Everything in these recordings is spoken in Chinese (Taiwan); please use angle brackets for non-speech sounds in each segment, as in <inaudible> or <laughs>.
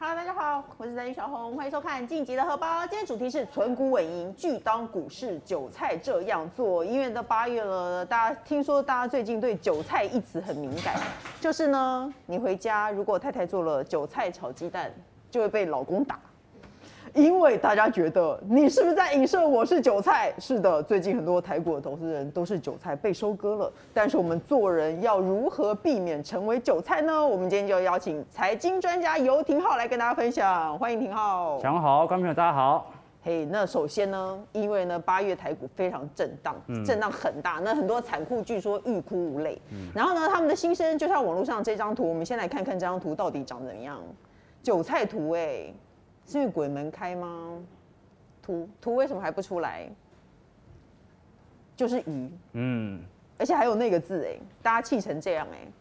Hello，大家好，我是宅女小紅，歡迎收看《晉級的荷包》。今天主題是存股穩贏，拒當股市韭菜這樣做。因為都八月了，大家聽說大家最近對“韭菜”一詞很敏感，就是呢，你回家如果太太做了韭菜炒雞蛋，就會被老公打。因為大家覺得你是不是在影射我是韭菜？是的，最近很多台股的投資人都是韭菜被收割了。但是我們做人要如何避免成為韭菜呢？我們今天就邀請財經專家游庭皓來跟大家分享。歡迎庭皓，早好，觀眾朋友，大家好。嘿、hey，那首先呢，因為呢八月台股非常震盪，嗯，震盪很大，那很多散戶據說欲哭無淚，嗯。然後呢，他們的心聲就像網絡上這張圖，我們先來看看這張圖到底長怎麼樣？韭菜圖、欸，哎。是因為鬼門開嗎？圖圖為什麼還不出來？就是魚，嗯，而且還有那個字哎、欸，大家氣成這樣哎、欸。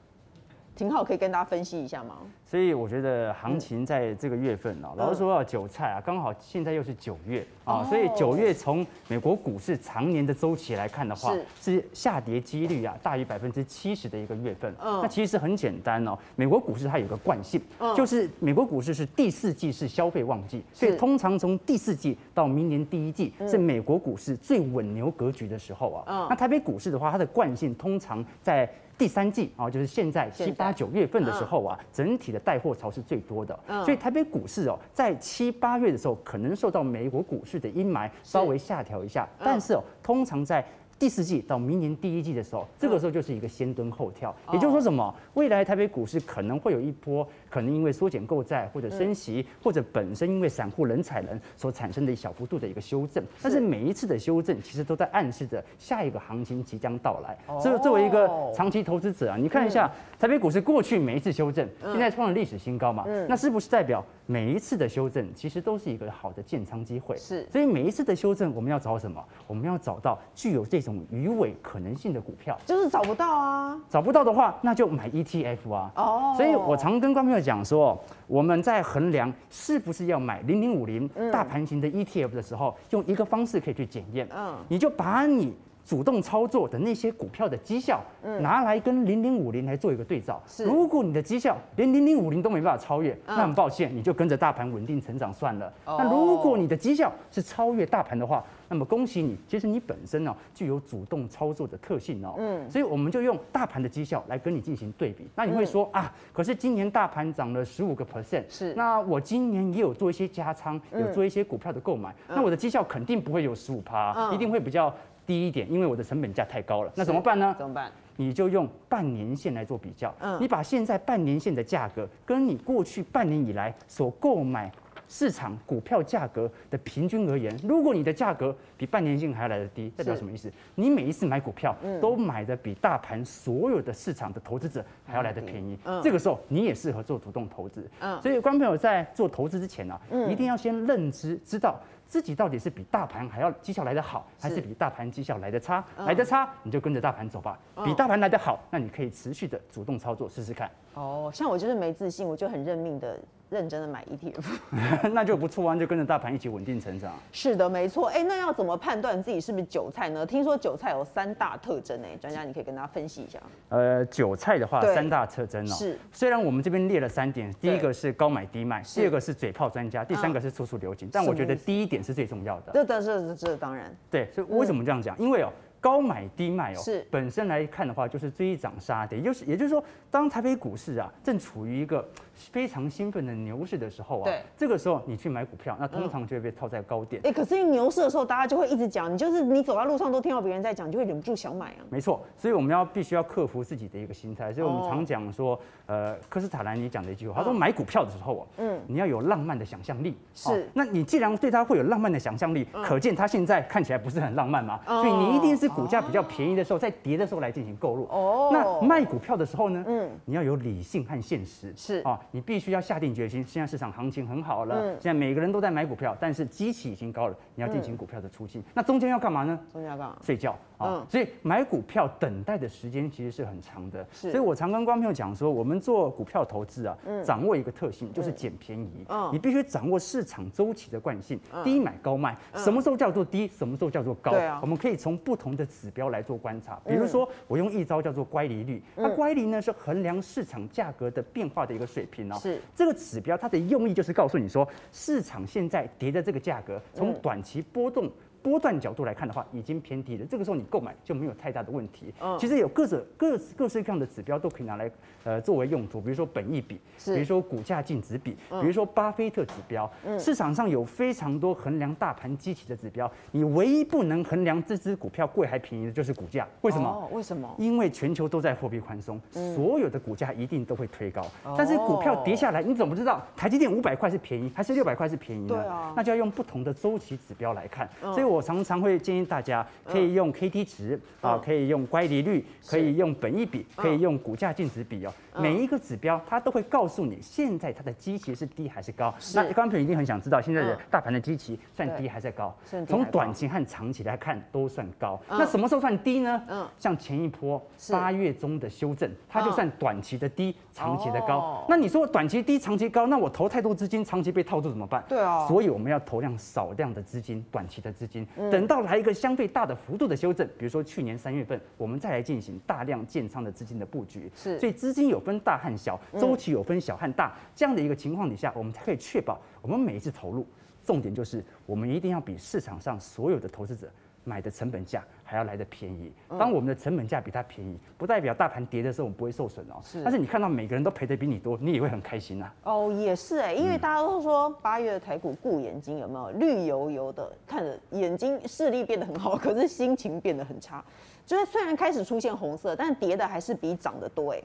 挺好，可以跟大家分析一下嗎？所以我覺得行情在這個月份、啊嗯、老實說啊韭菜啊，剛好現在又是九月、哦、啊，所以九月從美國股市，常年的週期來看的話，是，是下跌幾率啊大於百分之七十的一個月份。嗯，那其實很簡單哦，美國股市它有個慣性、嗯，就是美國股市是第四季是消費旺季，所以通常從第四季到明年第一季、嗯、是美國股市最穩牛格局的時候啊。嗯，那台北股市的話，它的慣性通常在。第三季啊，就是現在七八九月份的時候啊，嗯，整體的帶貨潮是最多的，嗯，所以台北股市哦，在七八月的時候，可能受到美國股市的陰霾稍微下調一下，但是哦，嗯，通常在。第四季到明年第一季的時候，這個時候就是一個先蹲後跳，也就是說什麼？未來台北股市可能會有一波，可能因為縮減購債或者升息，或者本身因為散戶人踩人所產生的小幅度的一個修正。但是每一次的修正，其實都在暗示着下一個行情即將到來。所以作為一個長期投資者啊，你看一下。台北股市過去每一次修正，現在創了歷史新高嘛、嗯嗯。那是不是代表每一次的修正其實都是一個好的建倉機會？是。所以每一次的修正，我們要找什麼？我們要找到具有這種魚尾可能性的股票。就是找不到啊。找不到的話，那就買 ETF 啊。哦。所以我常跟觀眾講說，我們在衡量是不是要買零零五零大盤型的 ETF 的時候，用一個方式可以去檢驗。嗯。你就把你。主動操作的那些股票的績效，嗯，拿來跟零零五零來做一個對照。是，如果你的績效連零零五零都沒辦法超越，uh. 那很抱歉，你就跟着大盤穩定成長算了。Oh. 那如果你的績效是超越大盤的話，那麼恭喜你，其實你本身哦具有主動操作的特性哦。嗯、uh.，所以我們就用大盤的績效來跟你進行對比。那你會說、uh. 啊，可是今年大盤漲了十五個 percent，是，uh. 那我今年也有做一些加倉，有做一些股票的購買，uh. 那我的績效肯定不會有十五趴，uh. 一定會比較。低一點，因為我的成本價太高了。那怎麼辦呢？怎麼辦？你就用半年線來做比較。嗯。你把現在半年線的價格，跟你過去半年以來所購買市場股票價格的平均而言，如果你的價格比半年線還要來得低，代表什麼意思？你每一次買股票、嗯、都買得比大盤所有的市場的投資者還要來得便宜、嗯嗯。這個時候你也適合做主動投資。嗯。所以，觀眾朋友在做投資之前啊，嗯、一定要先認知知道。自己到底是比大盤還要績效來得好，還是比大盤績效來得差？來得差、嗯，你就跟着大盤走吧。嗯、比大盤來得好，那你可以持續的主動操作試試看。哦，像我就是沒自信，我就很認命的。認真的買 ETF， <laughs> 那就不錯啊，就跟着大盤一起穩定成長。是的，沒錯。哎、欸，那要怎麼判斷自己是不是韭菜呢？聽說韭菜有三大特徵哎、欸，專家你可以跟大家分析一下。呃，韭菜的話，三大特徵哦、喔。是。雖然我們這邊列了三點，第一個是高買低賣，第二個是嘴炮專家，第三個是處處留情。但我覺得第一點是最重要的。這、這、這當然。對，所以為什麼這樣講？因為哦、喔。高買低賣哦、喔，是，本身來看的話，就是追漲殺跌，就是也就是說，當台北股市啊正處於一個非常興奮的牛市的時候啊，對，這個時候你去買股票，那通常就會被套在高點。哎，可是因為牛市的時候，大家就會一直講，你就是你走到路上都聽到別人在講，就會忍不住想買啊。沒錯，所以我們要必須要克服自己的一個心態，所以我們常講說，呃，科斯塔蘭尼講的一句話，他說買股票的時候啊、喔，嗯，你要有浪漫的想象力、喔。是，那你既然對他會有浪漫的想象力，可見他現在看起來不是很浪漫嘛，所以你一定是。股價比較便宜的時候，oh. 在跌的時候來進行購入。哦、oh.，那賣股票的時候呢、嗯？你要有理性和現實。是啊、哦，你必須要下定決心。現在市場行情很好了、嗯，現在每個人都在買股票，但是基期已經高了，你要進行股票的出清、嗯。那中間要幹嘛呢？中間要幹嘛？睡覺。啊、哦，所以買股票等待的時間其實是很長的，是。所以我常跟觀眾朋友講說，我們做股票投資啊、嗯，掌握一個特性、嗯、就是撿便宜。嗯、你必須掌握市場周期的慣性、嗯，低買高賣、嗯。什麼時候叫做低？什麼時候叫做高？對啊、我們可以從不同的指標來做觀察，比如說我用一招叫做乖離率。那、嗯啊、乖離呢是衡量市場價格的變化的一個水平哦。是。這個指標它的用意就是告訴你說，市場現在跌的這個價格，從短期波動。嗯波段角度來看的話，已經偏低了。這個時候你購買就沒有太大的問題。嗯、其實有各種各各式各樣的指標都可以拿來，呃，作為用途。比如說本益比，比如說股價淨值比、嗯，比如說巴菲特指標。嗯，市場上有非常多衡量大盤景氣的指標。你唯一不能衡量這隻股票貴還便宜的就是股價。為什麼？哦、為什麼？因為全球都在貨幣寬鬆、嗯，所有的股價一定都會推高。但是股票跌下來，你怎麼知道台積電五百塊是便宜還是六百塊是便宜呢、啊？那就要用不同的周期指標來看。嗯、所以我。我常常會建議大家可以用 K D 值啊、嗯，可以用乖離率，可以用本益比，嗯、可以用股價淨值比哦、嗯。每一個指標，它都會告訴你現在它的基期是低還是高。是那觀眾朋友一定很想知道現在的大盤的基期算低還是高？從短期和長期來看都算高、嗯。那什麼時候算低呢？像前一波八月中的修正，它就算短期的低，長期的高、哦。那你說短期低，長期高，那我投太多資金，長期被套住怎麼辦？對啊。所以我們要投量少量的資金，短期的資金。等到來一個相對大的幅度的修正，比如說去年三月份，我們再來進行大量建倉的資金的佈局。所以資金有分大和小，週期有分小和大，這樣的一個情況底下，我們才可以確保我們每一次投入。重點就是，我們一定要比市場上所有的投資者買的成本價。還要來得便宜，當我們的成本價比它便宜、嗯，不代表大盤跌的時候我們不會受損哦、喔。是，但是你看到每個人都賠得比你多，你也會很開心啊哦，也是哎、欸，因為大家都說八月的台股顧眼睛有沒有？綠油油的，看着眼睛視力變得很好，可是心情變得很差。就是雖然開始出現紅色，但是跌的還是比漲的多哎、欸。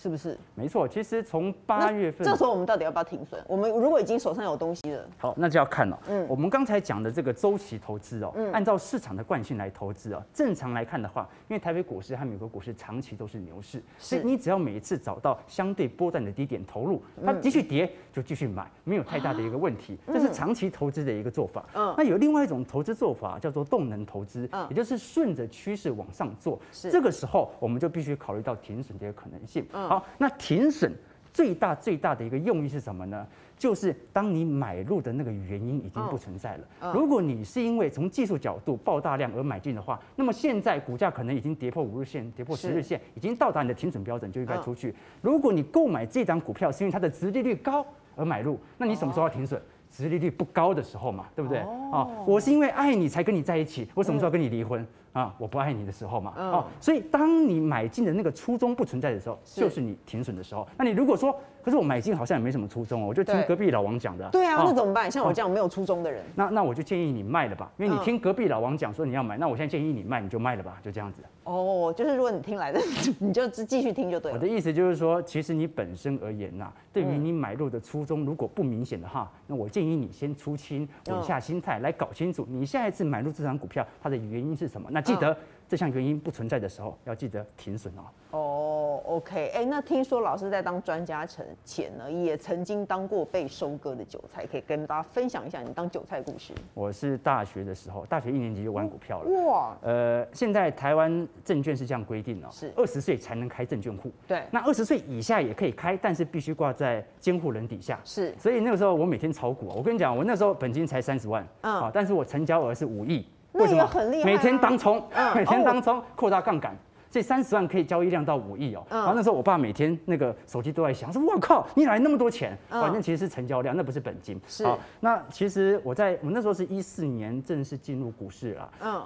是不是？沒錯，其實從八月份，這時候我們到底要不要停損？我們如果已經手上有東西了，好，那就要看了、喔。嗯，我們剛才講的這個週期投資哦、喔嗯，按照市場的慣性來投資啊、喔，正常來看的話，因為台北股市和美國股市長期都是牛市，是所以你只要每一次找到相對波段的低點投入，它繼續跌就繼續買，沒有太大的一個問題。啊嗯、這是長期投資的一個做法。嗯，那有另外一種投資做法叫做動能投資，嗯，也就是順着趨勢往上做。是，這個時候我們就必須考慮到停損的一個可能性。嗯。好，那停損最大最大的一個用意是什麼呢？就是當你買入的那個原因已經不存在了。如果你是因為從技術角度爆大量而買進的話，那麼現在股價可能已經跌破五日線，跌破十日線，已經到達你的停損標準就應該出去。如果你購買這張股票是因為它的殖利率高而買入，那你什麼時候要停損？殖利率不高的時候嘛，對不對？哦，我是因為愛你才跟你在一起，我什麼時候要跟你離婚？嗯啊、嗯，我不愛你的時候嘛，哦、嗯嗯，所以當你買進的那個初衷不存在的時候，是就是你停損的時候。那你如果說，可是我買進好像也沒什麼初衷，喔，我就聽隔壁老王講的對。嗯。對啊，那怎麼辦？像我這樣我沒有初衷的人，嗯、那那我就建議你賣了吧，因為你聽隔壁老王講說你要買，嗯，那我現在建議你賣，你就賣了吧，就這樣子。哦，就是如果你聽來的， <laughs> 你就繼續聽就對了。我的意思就是說，其實你本身而言吶，啊，對於你買入的初衷，嗯、如果不明顯的話，那我建議你先出清，穩下心態，嗯、來搞清楚，你下一次買入這張股票它的原因是什麼。那記得這項原因不存在的時候，要記得停損哦、喔。哦、oh,，OK，哎、欸，那聽說老師在當專家前呢，也曾經當過被收割的韭菜，可以跟大家分享一下你當韭菜故事？我是大學的時候，大學一年級就玩股票了。哇，呃，現在台灣證券是這樣規定哦、喔，是二十歲才能開證券戶。對，那二十歲以下也可以開，但是必須掛在監護人底下。是，所以那個時候我每天炒股，我跟你講，我那時候本金才三十萬、嗯，但是我成交額是五億。為什麼？很厲害啊、每天當沖，每天當衝擴大槓桿，這三十萬可以交易量到五億哦。然後那時候我爸每天那個手機都在想，說：“我靠，你哪來那麼多錢？”嗯、反正其實是成交量，那不是本金。是。那其實我在我那時候是一四年正式進入股市了。嗯。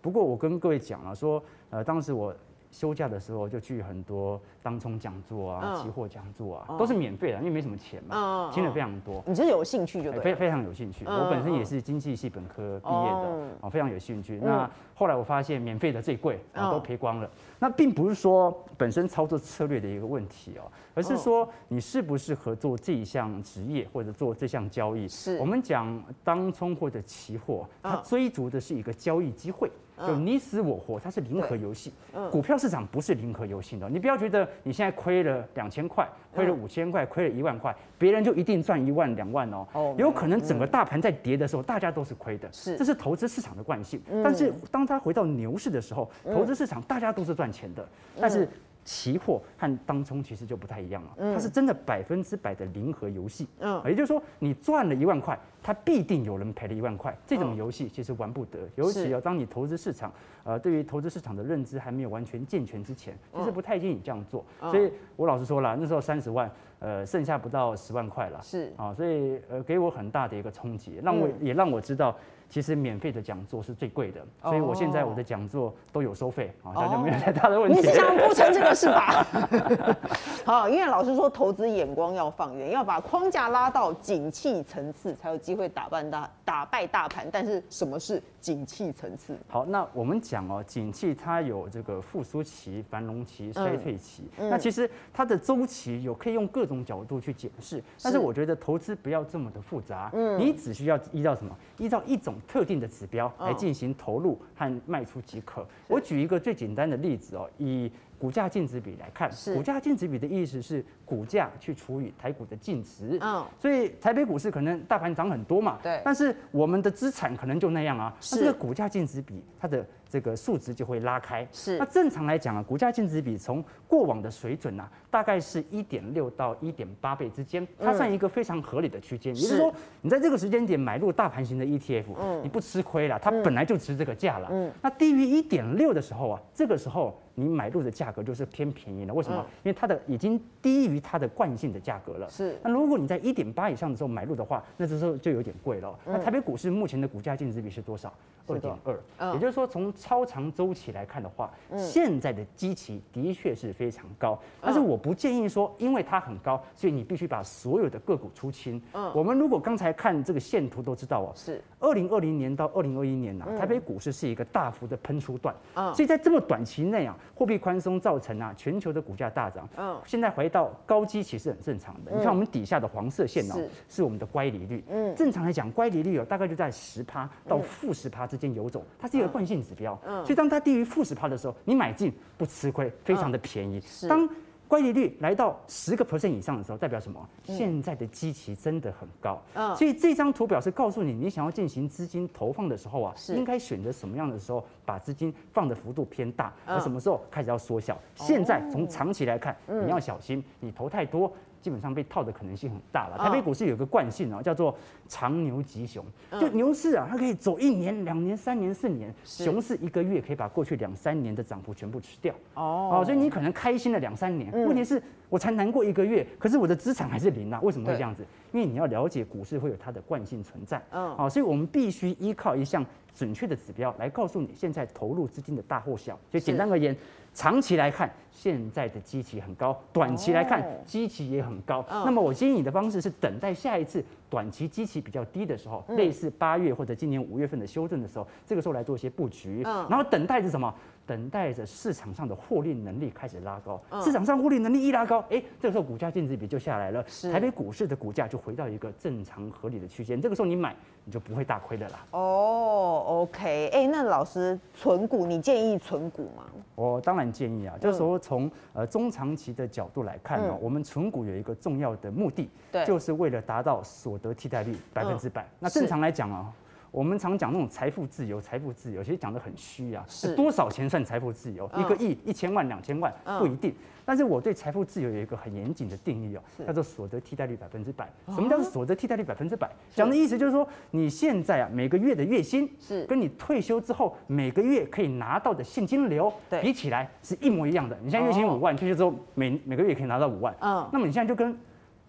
不過我跟各位講了，說呃，當時我。休假的時候就去很多當沖講座啊、啊期貨講座啊，啊，都是免費的，因為沒什麼錢嘛，啊、聽了非常多。啊啊啊、你得有興趣就非、欸、非常有興趣、啊，我本身也是經濟系本科畢業的、啊，非常有興趣、啊。那後來我發現免費的最貴、啊，都賠光了、啊。那並不是說本身操作策略的一個問題哦、喔，而是說你適不適合做這一項職業或者做這項交易。是，我們講當沖或者期貨，它追逐的是一個交易機會。啊就你死我活，它是零和遊戲。股票市場不是零和遊戲的，你不要覺得你現在虧了兩千塊，虧了五千塊，虧了一萬塊，別人就一定賺一萬兩萬哦、喔。有可能整個大盤在跌的時候，大家都是虧的，是，這是投資市場的慣性。但是當他回到牛市的時候，投資市場大家都是賺錢的，但是。期貨和當沖其實就不太一樣了，它是真的百分之百的零和遊戲，嗯，也就是說你賺了一萬塊，它必定有人賠了一萬塊，這種遊戲其實玩不得，尤其要當你投資市場，呃，對於投資市場的認知還沒有完全健全之前，其實不太建議你這樣做。所以我老實說了，那時候三十萬，呃，剩下不到十萬塊了，是啊，所以呃，給我很大的一個衝擊，讓我也讓我知道。其實免費的講座是最貴的，oh. 所以我現在我的講座都有收費，啊，好像就沒有太大的問題。Oh. 你是想不成這個是吧？ <laughs> 好，因為老師說投資眼光要放遠，要把框架拉到景氣層次，才有機會打敗大打敗大打敗大盤。但是什麼是景氣層次？好，那我們講哦、喔，景氣它有這個復甦期、繁榮期、衰退期。嗯、那其實它的周期有可以用各種角度去解釋。但是我覺得投資不要這麼的複雜。嗯。你只需要依照什麼？依照一種特定的指標來進行投入和賣出即可、嗯。我舉一個最簡單的例子哦、喔，以。股價淨值比來看，股價淨值比的意思是股價去除以台股的淨值，啊、嗯、所以台北股市可能大盤漲很多嘛，對，但是我們的資產可能就那樣啊，那這個股價淨值比它的這個數值就會拉開，是。那正常來講啊，股價淨值比從過往的水準啊，大概是一點六到一點八倍之間，它算一個非常合理的區間，也就是說你在這個時間點買入大盤型的 ETF、嗯、你不吃虧了，它本來就值這個價了、嗯，那低於一點六的時候啊，這個時候。你買入的價格就是偏便宜了，為什麼？嗯、因為它的已經低於它的慣性的價格了。是。那如果你在一點八以上的時候買入的話，那這時候就有點貴了、嗯。那台北股市目前的股價淨值比是多少？二點二。也就是說，從超長週期來看的話、嗯，現在的基期的確是非常高、嗯。但是我不建議說，因為它很高，所以你必須把所有的個股出清。嗯、我們如果剛才看這個線圖都知道哦、喔。是。二零二零年到二零二一年呢，台北股市是一個大幅的噴出段，所以在這麼短期內啊，貨幣寬鬆造成啊，全球的股價大漲。現在回到高基其實是很正常的，你看我們底下的黃色線哦，是我們的乖離率。嗯，正常來講，乖離率大概就在十趴到負十趴之間游走，它是一個慣性指標。嗯，所以當它低於負十趴的時候，你買進不吃虧，非常的便宜。當乖離率來到十個 percent 以上的時候，代表什麼？現在的基期真的很高。所以這張圖表是告訴你，你想要進行資金投放的時候啊，應該選擇什麼樣的時候把資金放的幅度偏大，和什麼時候開始要縮小。現在從長期來看，你要小心，你投太多。基本上被套的可能性很大了。台北股市有個慣性哦、喔，叫做長牛急熊，就牛市啊，它可以走一年、兩年、三年、四年，熊市一個月可以把過去兩三年的漲幅全部吃掉哦、喔。所以你可能開心了兩三年，問題是我才難過一個月，可是我的資產還是零啊。為什麼會這樣子？因為你要了解股市會有它的慣性存在。嗯，所以我們必須依靠一項。準確的指標來告訴你現在投入資金的大或小。就簡單而言，長期來看現在的基期很高，短期來看基期也很高。那麼我建議你的方式是等待下一次短期基期比較低的時候，類似八月或者今年五月份的修正的時候，這個時候來做一些布局。然後等待是什麼？等待着市場上的獲利能力開始拉高，市場上獲利能力一拉高，哎，這個時候股價淨值比就下來了，台北股市的股價就回到一個正常合理的區間，這個時候你買你就不會大虧的啦。哦，OK，哎，那老師存股，你建議存股嗎？哦，當然建議啊，就是說從呃中長期的角度來看喔，我們存股有一個重要的目的，就是為了達到所得替代率百分之百。那正常來講啊。我們常講那種財富自由，財富自由其實講的很虛啊。是。多少錢算財富自由？一個億、嗯、一千萬、兩千萬不一定、嗯。但是我對財富自由有一個很嚴謹的定義哦、喔，叫做所得替代率百分之百。什麼叫做所得替代率百分之百？講、啊、的意思就是說，是你現在啊每個月的月薪是跟你退休之後每個月可以拿到的現金流比起來是一模一樣的。你現在月薪五萬，退休之後每每個月可以拿到五萬。嗯。那麼你現在就跟。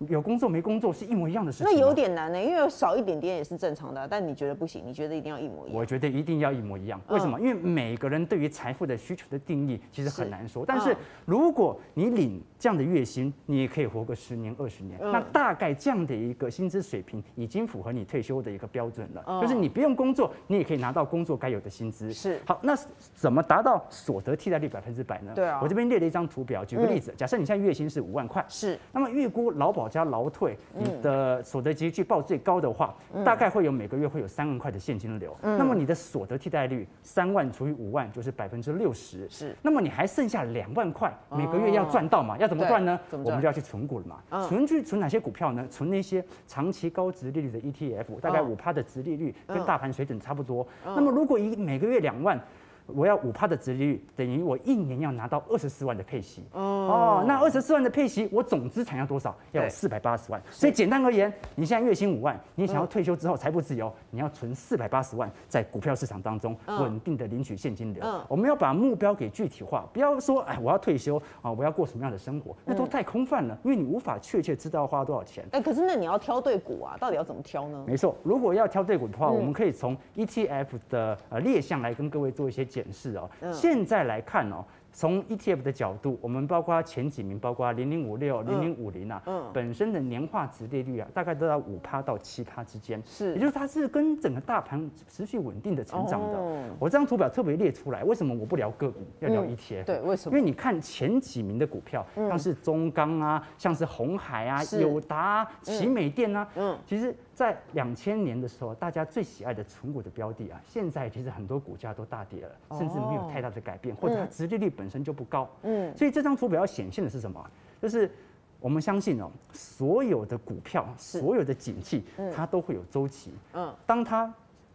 有工作沒工作是一模一樣的事情，那有點難呢、欸，因為少一點點也是正常的、啊。但你覺得不行，你覺得一定要一模一樣？我覺得一定要一模一樣，為什麼？因為每個人對於財富的需求的定義其實很難說、嗯。但是如果你領這樣的月薪，你也可以活個十年二十年、嗯，那大概這樣的一個薪資水平已經符合你退休的一個標準了、嗯。就是你不用工作，你也可以拿到工作該有的薪資。是。好，那怎麼達到所得替代率百分之百呢？對啊，我這邊列了一張圖表。舉個例子，嗯、假設你現在月薪是五萬塊，是，那麼預估勞保加勞退，你的所得級距去報最高的話、嗯，大概會有每個月會有三萬塊的現金流、嗯。那麼你的所得替代率三萬除以五萬就是百分之六十。是，那麼你還剩下兩萬塊，每個月要賺到嘛、哦？要怎麼賺呢麼？我們就要去存股了嘛？嗯、存去存哪些股票呢？存那些長期高殖利率的 ETF，大概五趴的殖利率跟大盤水準差不多、嗯嗯。那麼如果以每個月兩萬，我要五趴的殖利率，等於我一年要拿到二十四萬的配息。嗯哦，那二十四萬的配息，我總資產要多少？要有四百八十萬。所以簡單而言，你現在月薪五萬，你想要退休之後財富自由，嗯、你要存四百八十萬在股票市場當中，穩、嗯、定的領取現金流、嗯。我們要把目標給具體化，不要說哎，我要退休啊，我要過什麼樣的生活？那都太空泛了，嗯、因為你無法確切知道要花多少錢。哎，可是那你要挑對股啊，到底要怎麼挑呢？沒錯，如果要挑對股的話，嗯、我們可以從 ETF 的呃列項來跟各位做一些檢視哦。現在來看哦、喔。從 ETF 的角度，我們包括前幾名，包括零零五六、零零五零啊、嗯，本身的年化殖利率啊，大概都在五趴到七趴之間，是，也就是它是跟整個大盤持續穩定的成長的。哦、我這張圖表特別列出來，為什麼我不聊個股，要聊 ETF？、嗯、對，為什麼？因為你看前幾名的股票，像是中鋼啊，像是鴻海啊，友達、啊、奇美電啊嗯，嗯，其實。在兩千年的時候，大家最喜愛的存股的標的啊，現在其實很多股價都大跌了，甚至沒有太大的改變，或者它殖利率本身就不高。嗯，所以這張圖表要顯現的是什麼？就是我們相信哦，所有的股票、所有的景氣，它都會有週期。嗯，當它。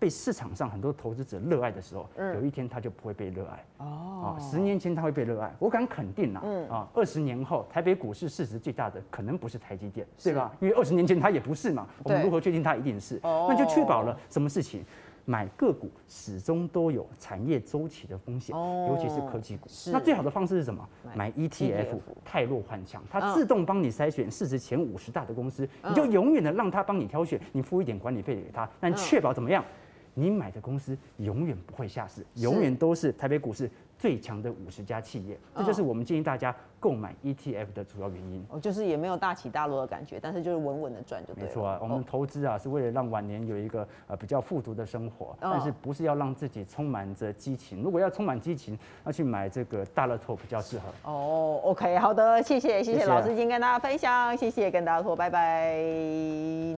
被市場上很多投資者熱愛的時候，有一天他就不會被熱愛。哦，十年前他會被熱愛，我敢肯定吶。嗯。啊,啊，二十年後台北股市市值最大的可能不是台積電，對吧？因為二十年前他也不是嘛。我們如何確定他一定是？哦。那就確保了什麼事情？買個股始終都有產業周期的風險，尤其是科技股。那最好的方式是什麼？買 ETF 汰弱換強，它自動幫你篩選市值前五十大的公司，你就永遠的讓他幫你挑選。你付一點管理費給他，但確保怎麼樣？你買的公司永遠不會下市，永遠都是台北股市最強的五十家企業，這就是我們建議大家購買 ETF 的主要原因。哦，就是也沒有大起大落的感覺，但是就是穩穩的賺就對了。沒錯啊。我們投資啊，是為了讓晚年有一個呃比較富足的生活，但是不是要讓自己充滿着激情？如果要充滿激情，那去買這個大樂透比較適合。哦，OK，好的，謝謝，謝謝老師今天跟大家分享，謝謝，跟大家說拜拜。